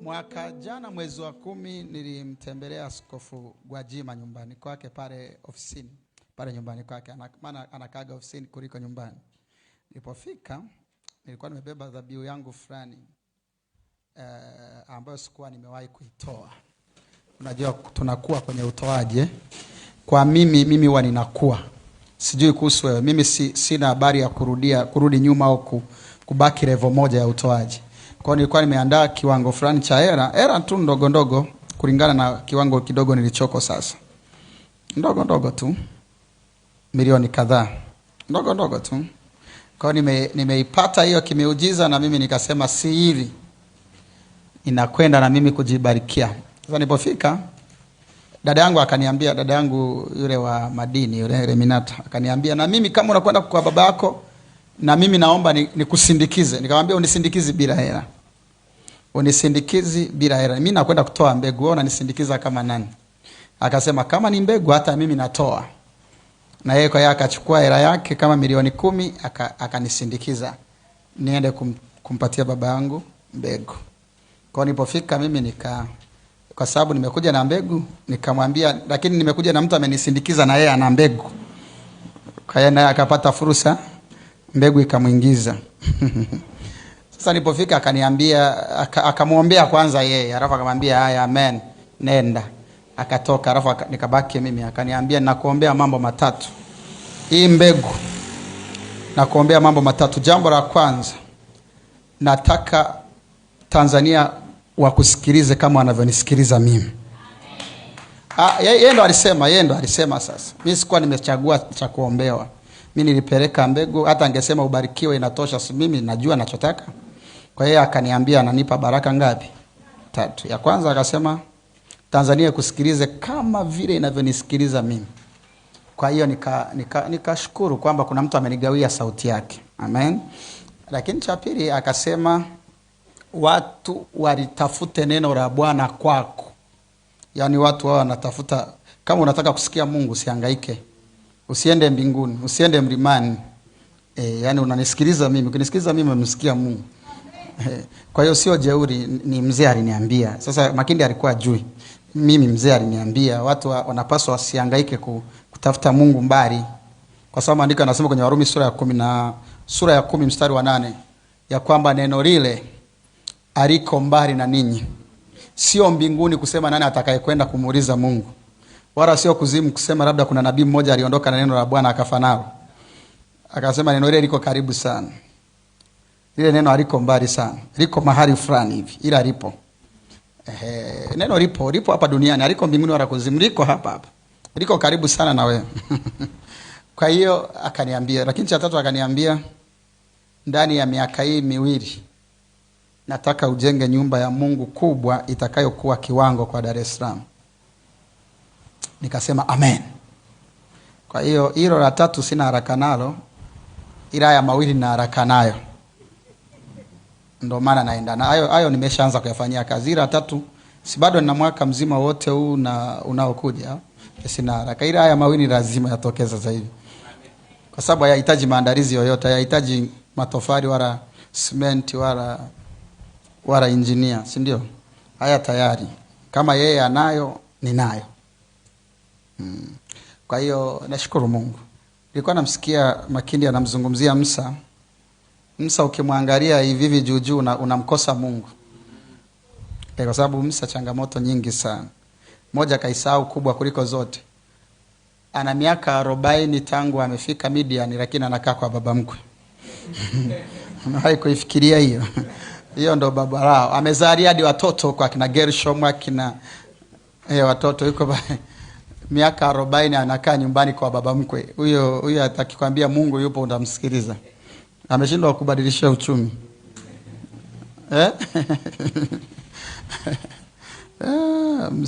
Mwaka jana mwezi wa kumi nilimtembelea Askofu Gwajima nyumbani kwake pale ofisini, pale nyumbani kwake, maana anakaga ofisini kuliko nyumbani. Nilipofika nilikuwa nimebeba dhabihu yangu fulani uh, ambayo sikuwa nimewahi kuitoa. Unajua tunakuwa kwenye utoaji. Kwa mimi mimi huwa ninakuwa, sijui kuhusu wewe, mimi si, sina habari ya kurudia kurudi nyuma au kubaki level moja ya utoaji kwao nilikuwa nimeandaa kiwango fulani cha hera, hera tu ndogo ndogo kulingana na kiwango kidogo nilichoko sasa. Ndogo ndogo tu. Milioni kadhaa. Ndogo ndogo tu. kwao nime, nimeipata hiyo kimeujiza na mimi nikasema si hili. Inakwenda na mimi kujibarikia. Sasa nilipofika dada yangu akaniambia, dada yangu yule wa madini yule Reminata akaniambia, na mimi kama unakwenda kwa baba yako na mimi naomba nikusindikize ni nikamwambia, unisindikizi bila hela, unisindikizi bila hela, mimi nakwenda kutoa mbegu, wewe unanisindikiza kama nani? Akasema kama ni mbegu, hata mimi natoa na yeye. Kwa hiyo akachukua hela yake kama milioni kumi akanisindikiza aka niende kum, kumpatia baba yangu mbegu. Kwa nilipofika mimi nika kwa sababu nimekuja na mbegu, nikamwambia lakini nimekuja na mtu amenisindikiza na yeye ana mbegu. Kwa hiyo naye akapata fursa mbegu ikamwingiza. Sasa nilipofika akaniambia, akamwombea kwanza yeye, alafu akamwambia haya, amen, nenda. Akatoka, alafu nikabaki mimi. Akaniambia, nakuombea mambo matatu, hii mbegu nakuombea mambo matatu. Jambo la kwanza, nataka Tanzania wakusikilize kama wanavyonisikiliza mimi. Ah, yeye ndo alisema, yeye ndo alisema. Sasa mimi sikuwa nimechagua cha kuombewa mi nilipeleka mbegu, hata angesema ubarikiwe inatosha, si mimi najua nachotaka. Kwa hiyo akaniambia ananipa baraka ngapi? Tatu. Ya kwanza akasema Tanzania kusikilize kama vile inavyonisikiliza mimi. Kwa hiyo nikashukuru nika, nika kwamba kuna mtu amenigawia sauti yake, amen. Lakini cha pili akasema watu walitafute neno la Bwana kwako, yaani watu wao wanatafuta. Kama unataka kusikia Mungu, siangaike usiende mbinguni, usiende mlimani. E, yani unanisikiliza mimi, ukinisikiliza mimi umemsikia Mungu. E, kwa hiyo sio jeuri, ni mzee aliniambia. Sasa Makindi alikuwa ajui, mimi mzee aliniambia watu wa, wanapaswa wasihangaike kutafuta Mungu mbali, kwa sababu maandiko yanasema kwenye Warumi sura ya kumi na sura ya kumi mstari wa nane ya kwamba neno lile aliko mbali na ninyi, sio mbinguni kusema nani atakayekwenda kumuuliza Mungu wala sio kuzimu kusema labda kuna nabii mmoja aliondoka na neno la Bwana akafa nalo Akasema neno lile liko karibu sana. Lile neno aliko mbali sana. Liko mahali fulani hivi ila lipo. Ehe, neno lipo, lipo hapa duniani, aliko mbinguni wala kuzimu, liko hapa hapa. Liko karibu sana na wewe. Kwa hiyo akaniambia, lakini cha tatu akaniambia ndani ya miaka hii miwili nataka ujenge nyumba ya Mungu kubwa itakayokuwa kiwango kwa Dar es Salaam nikasema amen. Kwa hiyo hilo la tatu sina haraka nalo, ila haya mawili na haraka nayo, ndo maana naenda na hayo hayo. Nimeshaanza kuyafanyia kazi, ila tatu si bado nina mwaka mzima wote huu na unaokuja, sina haraka, ila haya mawili lazima yatokee sasa hivi, kwa sababu hayahitaji maandalizi yoyote, hayahitaji matofali wala simenti wala wala injinia, si ndio? Haya tayari kama yeye anayo, ninayo. Mm. Kwa hiyo nashukuru Mungu. Nilikuwa namsikia Makindi anamzungumzia Musa. Musa ukimwangalia hivi hivi juu juu unamkosa Mungu. E, kwa sababu Musa changamoto nyingi sana. Moja kaisahau kubwa kuliko zote. Ana miaka arobaini tangu amefika Midian lakini anakaa kwa baba mkwe. Unawahi kuifikiria hiyo? Hiyo ndo baba lao. Amezalia hadi watoto kwa kina Gershom, akina eh, watoto yuko baba miaka arobaini anakaa nyumbani kwa baba mkwe, huyo huyo atakikwambia Mungu yupo utamsikiliza. Ameshindwa kubadilisha uchumi eh? eh